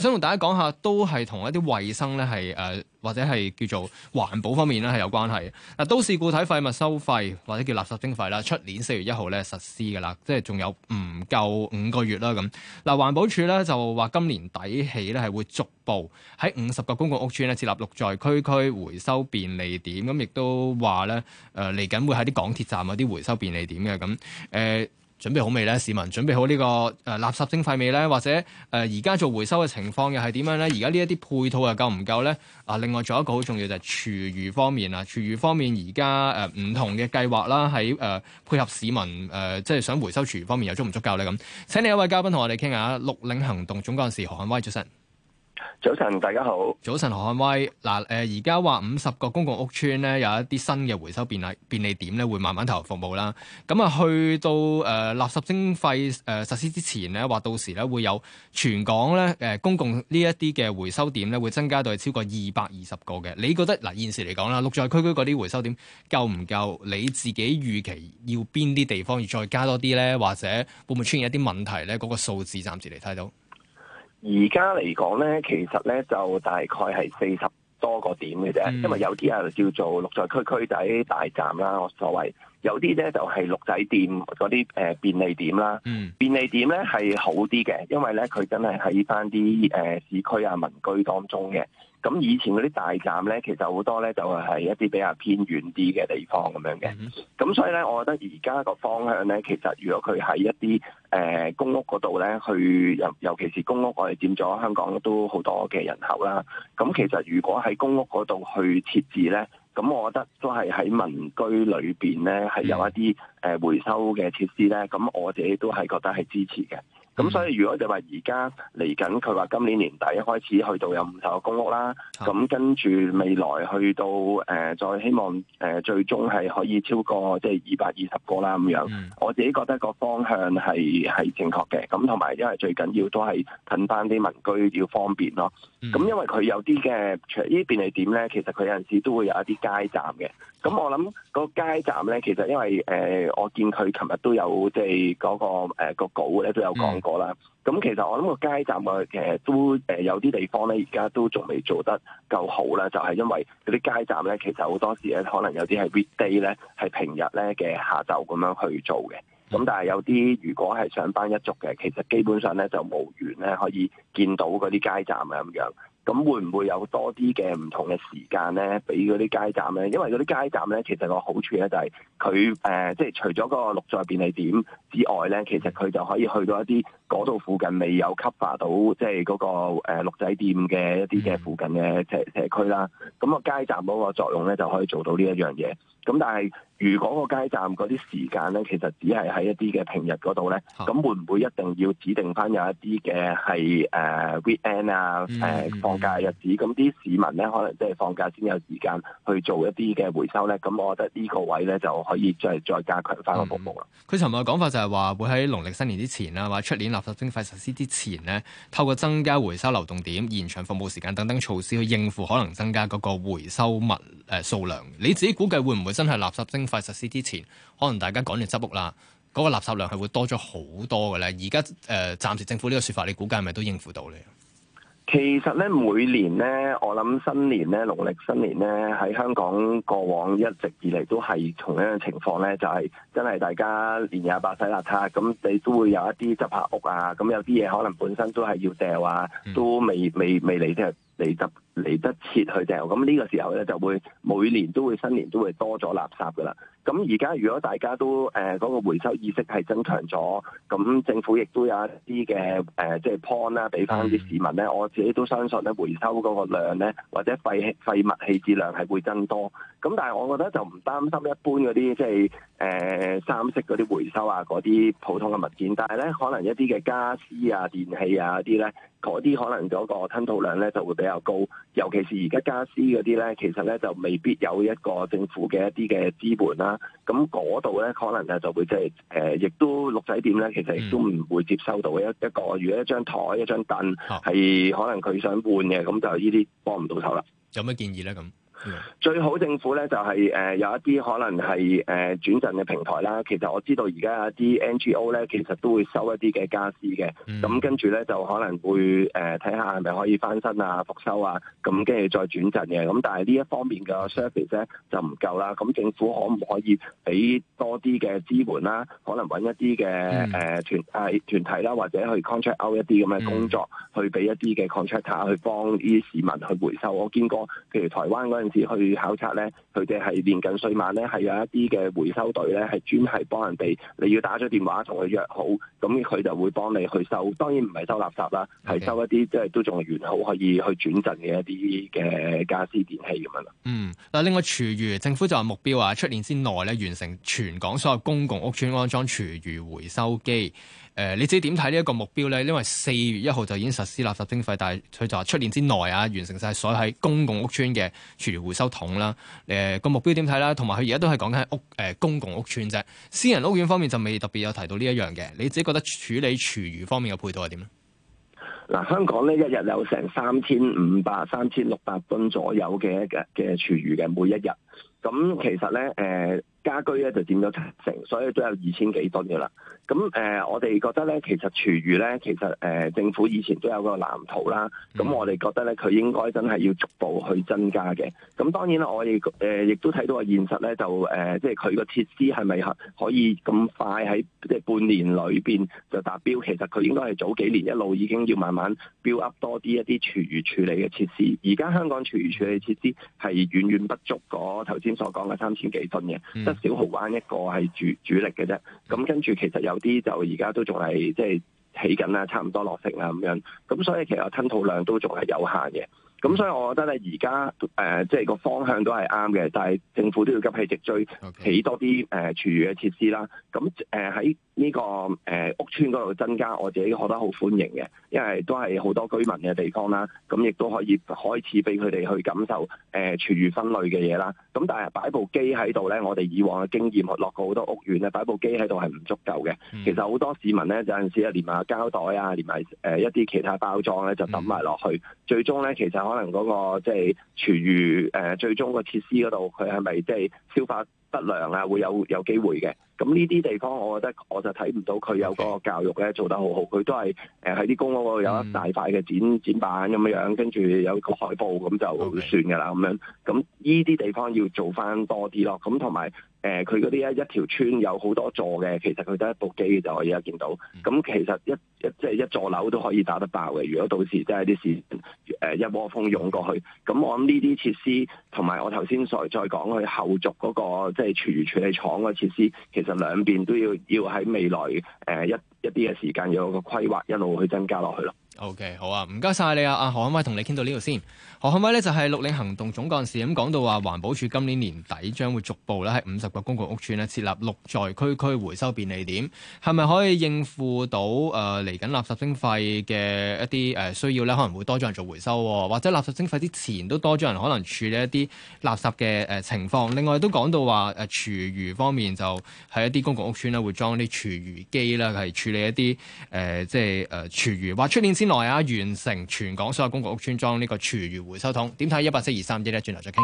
想同大家講下，都係同一啲衞生咧，係、呃、誒或者係叫做環保方面咧係有關係。嗱，都市固體廢物收費或者叫垃圾徵費啦，出年四月一號咧實施嘅啦，即係仲有唔夠五個月啦咁。嗱、呃，環保署咧就話今年底起咧係會逐步喺五十個公共屋邨咧設立六在區區回收便利點，咁亦都話咧誒嚟緊會喺啲港鐵站嗰啲回收便利點嘅咁誒。準備好未呢？市民？準備好呢個誒垃圾徵費未呢？或者誒而家做回收嘅情況又係點樣呢？而家呢一啲配套又夠唔夠呢？啊，另外仲有一個好重要就係廚餘方面啊，廚餘方面而家誒唔同嘅計劃啦，喺誒、呃、配合市民誒、呃、即係想回收廚餘方面又足唔足夠呢？咁請你一位嘉賓同我哋傾下綠領行動總幹事何漢威先生。早晨。早晨，大家好。早晨，何漢威嗱，誒，而家話五十個公共屋邨咧，有一啲新嘅回收便利便利點咧，會慢慢投入服務啦。咁啊，去到誒垃圾徵費誒實施之前咧，話到時咧會有全港咧誒公共呢一啲嘅回收點咧，會增加到係超過二百二十個嘅。你覺得嗱，現時嚟講啦，綠在區區嗰啲回收點夠唔夠？你自己預期要邊啲地方要再加多啲咧，或者會唔會出現一啲問題咧？嗰、那個數字暫時嚟睇到。而家嚟講咧，其實咧就大概係四十多個點嘅啫，嗯、因為有啲啊叫做六座區區仔大站啦，我所謂有啲咧就係六仔店嗰啲誒便利店啦，便利店咧係好啲嘅，因為咧佢真係喺返啲誒市區啊民居當中嘅。咁以前嗰啲大站咧，其實好多咧就係一啲比較偏遠啲嘅地方咁樣嘅。咁、mm hmm. 所以咧，我覺得而家個方向咧，其實如果佢喺一啲誒公屋嗰度咧，去尤尤其是公屋，我哋佔咗香港都好多嘅人口啦。咁其實如果喺公屋嗰度去設置咧。咁我覺得都係喺民居裏面咧，係有一啲誒回收嘅設施咧。咁我自己都係覺得係支持嘅。咁、嗯、所以如果就話而家嚟緊，佢話今年年底開始去到有五十個公屋啦。咁、啊、跟住未來去到誒、呃、再希望誒、呃、最終係可以超過即係二百二十個啦咁樣、嗯、我自己覺得個方向係係正確嘅。咁同埋因為最緊要都係近翻啲民居要方便咯。咁、嗯嗯、因為佢有啲嘅除咗呢啲便利點咧，其實佢有陣時都會有一啲街站嘅。咁我諗個街站咧，其實因為誒、呃、我見佢琴日都有即係嗰個誒、呃那個稿咧都有講過。嗯啦，咁其實我諗個街站啊，其實都誒、呃、有啲地方咧，而家都仲未做得夠好啦，就係、是、因為嗰啲街站咧，其實好多時咧可能有啲係 weekday 咧，係平日咧嘅下晝咁樣去做嘅。咁但係有啲如果係上班一族嘅，其實基本上咧就冇緣咧可以見到嗰啲街站啊咁樣。咁會唔會有多啲嘅唔同嘅時間咧，俾嗰啲街站咧？因為嗰啲街站咧，其實個好處咧就係佢誒，即係除咗個綠在便利點之外咧，其實佢就可以去到一啲。嗰度附近未有 cover 到，即係嗰、那個鹿、呃、仔店嘅一啲嘅附近嘅社社區啦。咁、嗯、個街站嗰個作用咧，就可以做到呢一樣嘢。咁但係如果個街站嗰啲時間咧，其實只係喺一啲嘅平日嗰度咧，咁、啊、會唔會一定要指定翻有一啲嘅係誒 weekend 啊誒放假日子？咁啲、嗯、市民咧，可能即係放假先有時間去做一啲嘅回收咧。咁我覺得呢個位咧就可以再再加強翻個服務啦。佢尋日講法就係話會喺農曆新年之前啦，或出年垃圾徵費實施之前咧，透過增加回收流動點、延長服務時間等等措施去應付可能增加嗰個回收物誒、呃、數量。你自己估計會唔會真係垃圾徵費實施之前，可能大家趕住執屋啦，嗰、嗰個垃圾量係會多咗好多嘅呢？而家誒暫時政府呢個説法，你估計係咪都應付到呢？其實咧，每年咧，我諗新年咧，農曆新年咧，喺香港過往一直以嚟都係同樣嘅情況咧，就係、是、真係大家年廿八洗邋遢，咁你都會有一啲執下屋啊，咁有啲嘢可能本身都係要掉啊，都未未未嚟嚟得嚟得切去掉，咁、這、呢個時候咧就會每年都會新年都會多咗垃圾噶啦。咁而家如果大家都誒嗰、呃那個，回收意識係增強咗，咁政府亦都有一啲嘅誒即係 point 啦，俾翻啲市民咧，我自己都相信咧回收嗰個量咧或者廢廢物棄置量係會增多。咁但係我覺得就唔擔心一般嗰啲即係誒、呃、三色嗰啲回收啊，嗰啲普通嘅物件，但係咧可能一啲嘅家私啊、電器啊啲咧，嗰啲可能嗰個吞吐量咧就會比較又高，尤其是而家家私嗰啲咧，其實咧就未必有一個政府嘅一啲嘅資本啦。咁嗰度咧，可能啊就會即係誒，亦都鹿仔店咧，其實亦都唔會接收到一一個，如果一張台、一張凳係可能佢想換嘅，咁就呢啲幫唔到手啦。有咩建議咧？咁？Yeah. 最好政府咧就係誒有一啲可能係誒轉贈嘅平台啦。其實我知道而家一啲 NGO 咧，其實都會收一啲嘅家私嘅。咁、mm. 跟住咧就可能會誒睇下係咪可以翻新啊、復修啊，咁跟住再轉贈嘅。咁但係呢一方面嘅 service 咧就唔夠啦。咁政府可唔可以俾多啲嘅支援啦、啊，可能搵一啲嘅誒團誒團體啦，mm. 或者去 contract out 一啲咁嘅工作，mm. 去俾一啲嘅 contractor 去幫呢啲市民去回收。我見過譬如台灣嗰陣。去考察呢，佢哋係年近歲晚呢，係有一啲嘅回收隊呢，係專係幫人哋。你要打咗電話同佢約好，咁佢就會幫你去收。當然唔係收垃圾啦，係收一啲即係都仲係完好可以去轉贈嘅一啲嘅家私電器咁樣啦。嗯，嗱，另外廚餘政府就話目標啊，出年之內呢完成全港所有公共屋邨安裝廚餘回收機。誒、呃、你自己點睇呢一個目標咧？因為四月一號就已經實施垃圾徵費，但係佢就話出年之內啊，完成晒所有喺公共屋邨嘅廚餘回收桶啦。誒、呃、個目標點睇啦？同埋佢而家都係講緊喺屋誒公共屋邨啫。私人屋苑方面就未特別有提到呢一樣嘅。你自己覺得處理廚餘方面嘅配套係點咧？嗱、呃，香港呢一日有成三千五百、三千六百噸左右嘅嘅嘅廚餘嘅每一日。咁其實咧誒。呃家居咧就佔咗七成，所以都有二千幾噸嘅啦。咁誒、呃，我哋覺得咧，其實廚餘咧，其實誒、呃、政府以前都有個藍圖啦。咁我哋覺得咧，佢應該真係要逐步去增加嘅。咁當然啦，我哋誒亦都睇到個現實咧，就誒、呃、即係佢個設施係咪可以咁快喺即係半年裏邊就達標？其實佢應該係早幾年一路已經要慢慢 build up 多啲一啲廚餘處理嘅設施。而家香港廚餘處理的設施係遠遠不足過頭先所講嘅三千幾噸嘅。小蠔灣一個係主主力嘅啫，咁跟住其實有啲就而家都仲係即係起緊喇，差唔多落成喇咁樣。咁所以其實吞吐量都仲係有限嘅。咁所以我覺得咧，而家誒即係個方向都係啱嘅，但係政府都要急起直追，起多啲誒廚餘嘅設施啦，咁誒喺。呃呢、這個誒、呃、屋村嗰度增加，我自己覺得好歡迎嘅，因為都係好多居民嘅地方啦。咁亦都可以開始俾佢哋去感受誒、呃、廚餘分類嘅嘢啦。咁但係擺部機喺度咧，我哋以往嘅經驗落過好多屋苑啊，擺部機喺度係唔足夠嘅。嗯、其實好多市民咧，有陣時啊，連埋膠袋啊，連埋誒一啲其他包裝咧，就抌埋落去。嗯、最終咧，其實可能嗰、那個即係、就是、廚餘誒、呃，最終個設施嗰度，佢係咪即係消化不良啊？會有有機會嘅。咁呢啲地方，我覺得我就睇唔到佢有個教育咧做得好好，佢都係誒喺啲公屋有一大塊嘅展展板咁樣，跟住有個海報咁就算㗎啦咁樣。咁呢啲地方要做翻多啲咯。咁同埋誒佢嗰啲一條村有好多座嘅，其實佢得一部機就可以家見到。咁、嗯、其實一即係一、即係、一座樓都可以打得爆嘅。如果到時真係啲事誒一窩蜂湧過去，咁我諗呢啲設施同埋我頭先再再講佢後續嗰、嗰個即係廚餘處理廠嗰個設施，其實就兩邊都要要喺未來誒、呃，一一啲嘅時間，有個規劃一路去增加落去咯。O.K. 好啊，唔該晒你啊！阿何漢威同你傾到呢度先。何漢威呢？就係綠領行動總幹事，咁講到話，環保署今年年底將會逐步咧喺五十個公共屋邨咧設立綠在區區回收便利點，係咪可以應付到誒嚟緊垃圾徵費嘅一啲誒需要咧？可能會多咗人做回收，哦，或者垃圾徵費之前都多咗人可能處理一啲垃圾嘅誒情況。另外都講到話，誒、啊、廚餘方面就喺一啲公共屋邨咧會裝啲廚餘機啦，係處理一啲誒、呃、即係誒、呃、廚餘或出年。先來啊，完成全港所有公共屋邨裝呢個廚餘回收桶。點睇？一八四二三一咧，轉頭再傾。